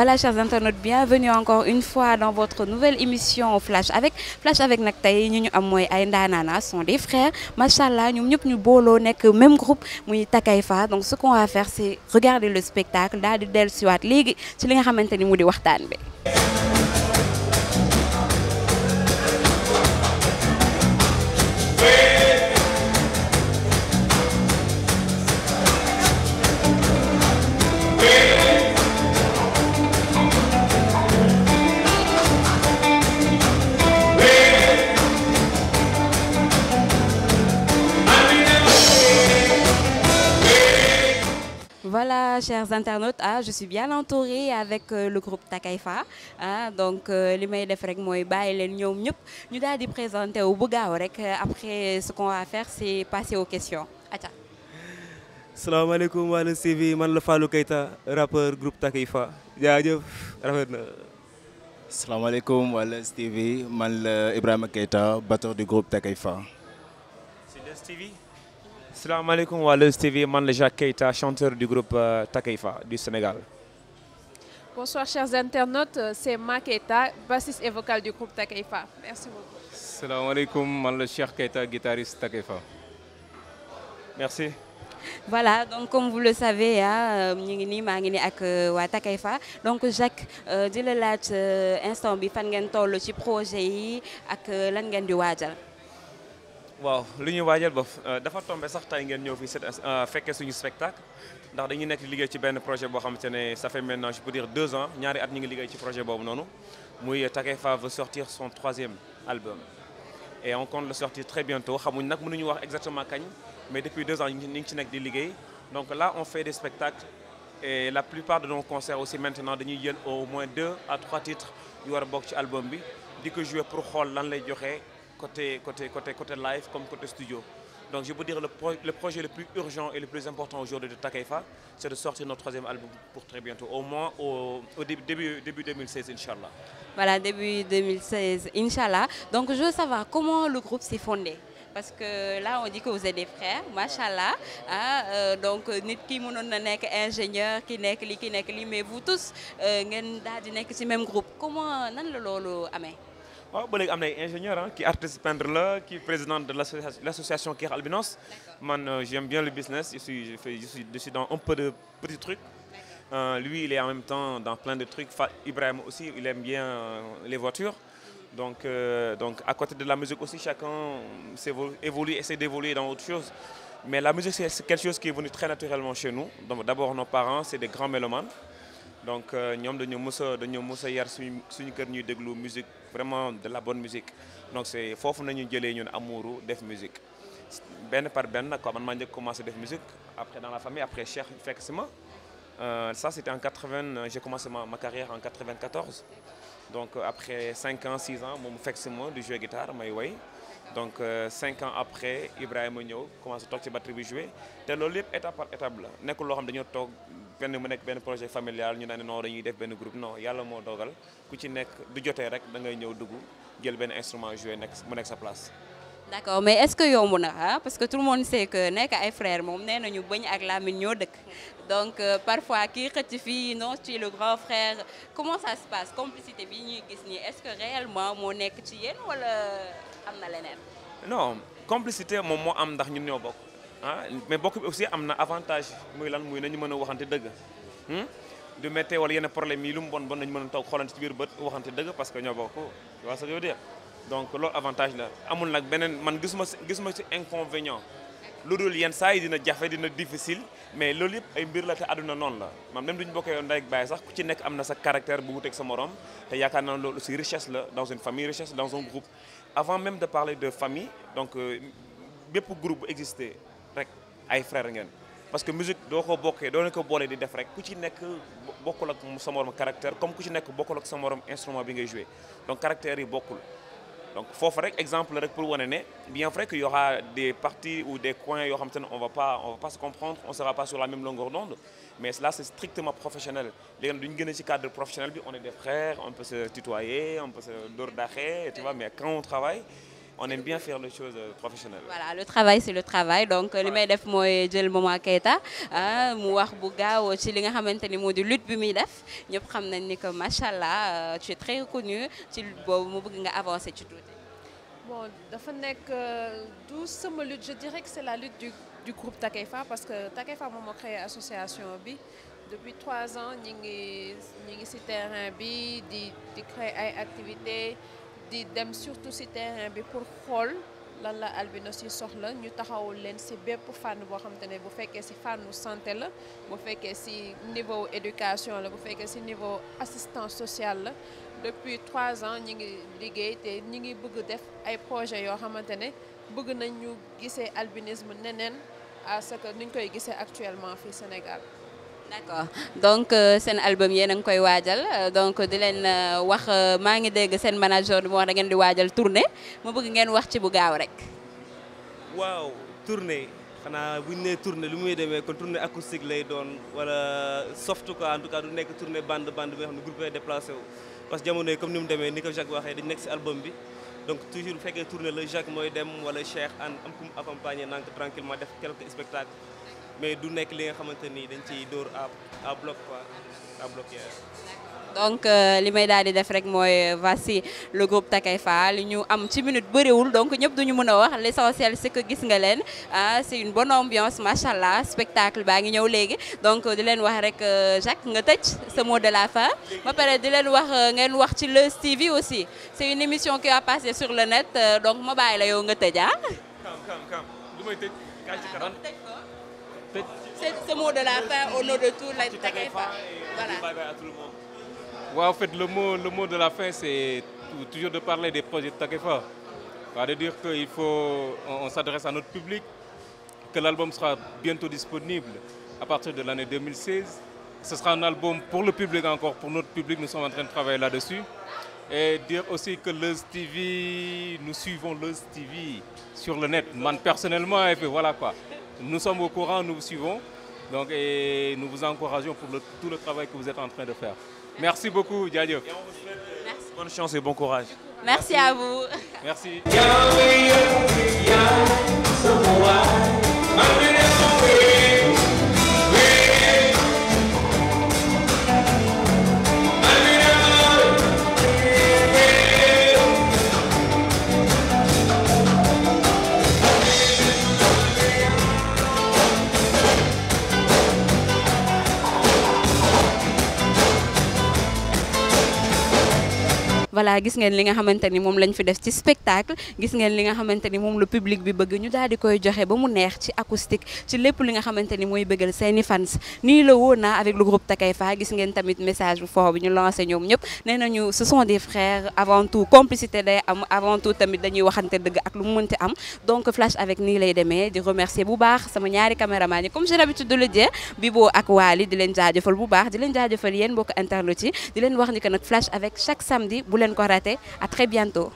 voilà chers internautes bienvenue encore une fois dans votre nouvelle émission Flash avec Flash avec nag tey ñu ñu am mooy ay ndaanaana sont des frères macha allah ñoom ñëpp ñu booloo nekk même groupe muy Takayfa donc ce qu'on va faire c'est regarder le spectacle daal di dellusiwaat léegi ci li nga xamante ni mu di waxtaan bi Voilà, chers internautes, ah, je suis bien entourée avec euh, le groupe Takaifa. Ah, donc, euh, les meilleurs frères, moi, bah, les nous nous allons présenter au Bougao. Euh, après, ce qu'on va faire, c'est passer aux questions. Atta. Salam alaikum, wa le CV, man le Fallou Keita, rappeur groupe Takaifa. Jaajëf, rafet na. man le Ibrahima Keita, batteur du groupe Takaifa. C'est le TV salaamaaleykum waa Leuz TV man la Jacques Keita chanteur du groupe euh, Takeifa du Sénégal. bonsoir chers internautes euh, c'est Maketa bassiste et vocal du groupe Takeifa merci beaucoup. salaamaaleykum man la Cheikh Keita guitariste Takeifa. merci. voilà donc comme vous le savez ah euh, ñu ngi nii maa ngi nii ak waa Takeifa donc Jacques di la laaj instant bi fan ngeen toll ci projet yi ak lan ngeen di waajal. waaw lu ñuy waajal bo euh, dafa tombé sax tey ngeen ñëw fii euh, fekkee suñu spectacle ndax dañuy nekk liggéey ci benn projet boo xamante ne ça fait maintenant je peux dire deux ans ñaari at ñu ngi liggéey ci projet boobu noonu muy euh, Takeifa veut sortir son troisième album wax exactement kañ mais depuis deux ans ñu ngi ci nekk di liggéey on fait des spectacles et la plupart dañuy jël au moins deux à trois titres yu war a bokk ci album bi di ko jouer pour xool lan lay joxe. côté, côté, côté, côté live comme côté studio. Donc je peux dire le, pro le projet le plus urgent et le plus important aujourd'hui de Takaifa, c'est de sortir notre troisième album pour très bientôt, au moins au, début, Inch'Allah. Donc je veux savoir comment le groupe s'est fondé parce que là on dit que vous êtes des frères machallah ah euh, donc nit ki mënoon na nekk ingénieur ki nekk li ki nekk li mais vous tous euh, ngeen daal di nekk si même groupe comment nan la loolu amee waaw ba léegi am na ay ingénieur ah kii artiste peintre la kii président de l' association Kër Albinos man euh, j'aime bien le business je suis je suis je suis dans un peu de petits trucs euh, lui il est en même temps dans plein de trucs Fa Ibrahima aussi il aime bien euh, les voitures donc donc à côté de la musique aussi chacun s'évolue essaie d'évoluer dans autre chose mais la musique c'est quelque chose qui est venu très naturellement chez nous donc d'abord nos parents c'est des grands mélomanes donc euh, ñoom dañu mës a dañu yar suñu suñu kër ñuy déglu musique vraiment de la bonne musique donc c'est foofu nañu jëlee ñun amuuru def musique benn par benn nag man maa njëkk commencé def musique après dans la famille après Cheikh fekk si ma euh, ça c'était en 80 j'ai commencé ma ma carrière en 94 donc euh, après 5 ans 6 ans moom mu fekk si moo di jouer guitare may woy donc 5 ans après Ibrahima ñëw commencé toog ci batterie bi te loolu yëpp étape par étape la nekkul loo xam dañoo toog. benn mu nekk benn projet familial ñu naan non dañuy def benn groupe non yàlla moo dogal ku ci nekk du jotee rek da ngay ñëw dugg jël benn instrument joué nekk mu nekk sa place. d'accord mais est-ce que yomb na ah parce que tout le monde sait que nekk ay frères moom nee nañu bëñ ak Lamine ñoo dëkk donc euh, parfois kii xëcc fii non tu es le grand frère comment ça se passe complicité bi ñuy gis nii est-ce que réellement moo nekk ci yéen wala am na leneen. non complicité moom moo am ndax ñun ñoo bokk. ah mais bokk bi aussi am na avantage muy lan muy nañu mën a waxante dëgg hmm? du méttee wala yenn problème yi lu mu bon bon nañu mën a toog xoolante ci biir bët waxante dëgg parce que ñoo ko waa sa yow de donc loolu avantage la amul nag beneen man gis gisuma gis ma ci inconvénient lu dul yenn saa yi dina jafe dina difficile mais loolu yëpp ay mbir la te àdduna noonu la maam même duñu bokkee ndey ak baay sax ku ci nekk am na sa caractère bu wuteeg sa morom te yaakaar naa loolu aussi richesse la dans une famille richesse dans un groupe avant même de parler euh, bépp groupe bu rek ay frère ngeen parce que musique doo ko bokkee doo na ko di def rek ku ci nekk bokkul ak sa morom caractère comme ku ci nekk bokkul ak sa morom instrument bi ngay joué donc caractère yi bokkul donc foofu rek exemple rek pour wane ne bien vrai que y aura des parties ou des coins yoo xam te ne on va pas on va pas se comprendre on sera pas sur la même longueur d'onde mais là c'est strictement professionnel léegi du ñu génne ci cadre professionnel bi on est des frères on peut se tutoyer on peut se dóor daaxee on aime bien faire les choses euh, professionnelles. voilà le travail c'est le travail donc li may def mooy jël Mama Keita ah, mu wax bu gaaw ci li nga xamante ni moo di lutte bi muy def ñëpp xam nañ ni que macha allah euh, tu es très connu ci lutte boobu mu bëgg nga avancé ci tuuti. bon dafa nekk euh, du sama lutte je dirais que la lutte du du groupe Takeifa parce que Takeifa moom moo créé bi. depuis trois ans ñi ngi ñi ngi ci bi di di créer ay activités. di dem surtout ci terrain bi pour xool lan la albinos yi soxla ñu taxawul leen ci bépp fànn boo xamante ne bu fekkee ci fànnu santé la bu fekkee ci niveau éducation la bu fekkee ci niveau assistance sociale la depuis trois ans ñi ngi liggéey te ñi ngi bëgg def ay projet yoo xamante ne bëgg nañ ñu gisee albinisme neneen à ce que nuñ koy gisee actuellement fii Sénégal d'accord donc euh, seen album yéen a ngi koy waajal euh, donc di leen euh, wax maa ngi dégg seen manager bi moo wax da ngeen di waajal tournée ma bëgg ngeen wax ci bu gaaw rek. waaw tournée xanaa bu ñu nee tournée lu muy demee kon tournée acoustique lay doon wala soft quoi en du nekk tournée bande band bi nga xam ne groupe déplacé wu. parce que jamono yi comme ni mu demee ni ko Jacques waxee dañu nekk si album bi donc toujours bu fekkee tournée la Jacques mooy dem wala Cheikh ànd am ku def quelques mais du nekk li nga xamante ni dañ ciy dóor à à bloc quoi donc euh, li may daal di def rek mooy voici le groupe Takay li ñu am ci minute bëriwul donc ñëpp ñu mën a wax l' essentiel c' est que gis nga leen ah c' est une bonne ambiance macha allah spectacle baa ngi ñëw léegi donc di leen wax rek euh, Jacques nga tëj ce mot de la fin ba pare di leen wax euh, ngeen wax ci Leuz TV aussi c' est une émission qui a passé sur le net donc ma bàyyi la yow nga tëj ah. ce mot de la fin au nom de tout la Takaifa. Voilà. en fait, le mot, le mot de la fin, c'est toujours de parler des projets de Takaifa. Bah, de dire qu'il faut, on, on s'adresse à notre public, que l'album sera bientôt disponible à partir de l'année 2016. Ce sera un album pour le public encore, pour notre public, nous sommes en train de travailler là-dessus. Et dire aussi que Leuz TV, nous suivons Leuz TV sur le net, man personnellement, et voilà quoi. Nous sommes au courant, nous vous suivons. Donc, et nous vous encourageons pour tout le travail que vous êtes en train de faire. Merci, Merci beaucoup, Diadio. Bonne chance et bon courage. Merci, à vous. voilà gis ngeen li nga xamante ni moom lañ fi def ci spectacle gis ngeen li nga xamante ni moom le public bi bëgg ñu daal koy joxe ba mu neex ci acoustique ci lépp li nga xamante ni mooy bëggal seeni fans nii la woon naa avec le groupe Takayfa gis ngeen tamit message bu fort bi ñu lancé ñoom ñëpp nee nañu ce sont des frères avant tout complicité day am avant tout tamit dañuy waxante dëgg ak lu mu mënti am donc flash avec nii lay demee di remercier bu baax sama ñaari caméraman yi comme j'ai l'habitude de le dire Bibo bu baax di leen jaajëfal yéen mbokk internet yi di leen wax leen ko raté à très bientôt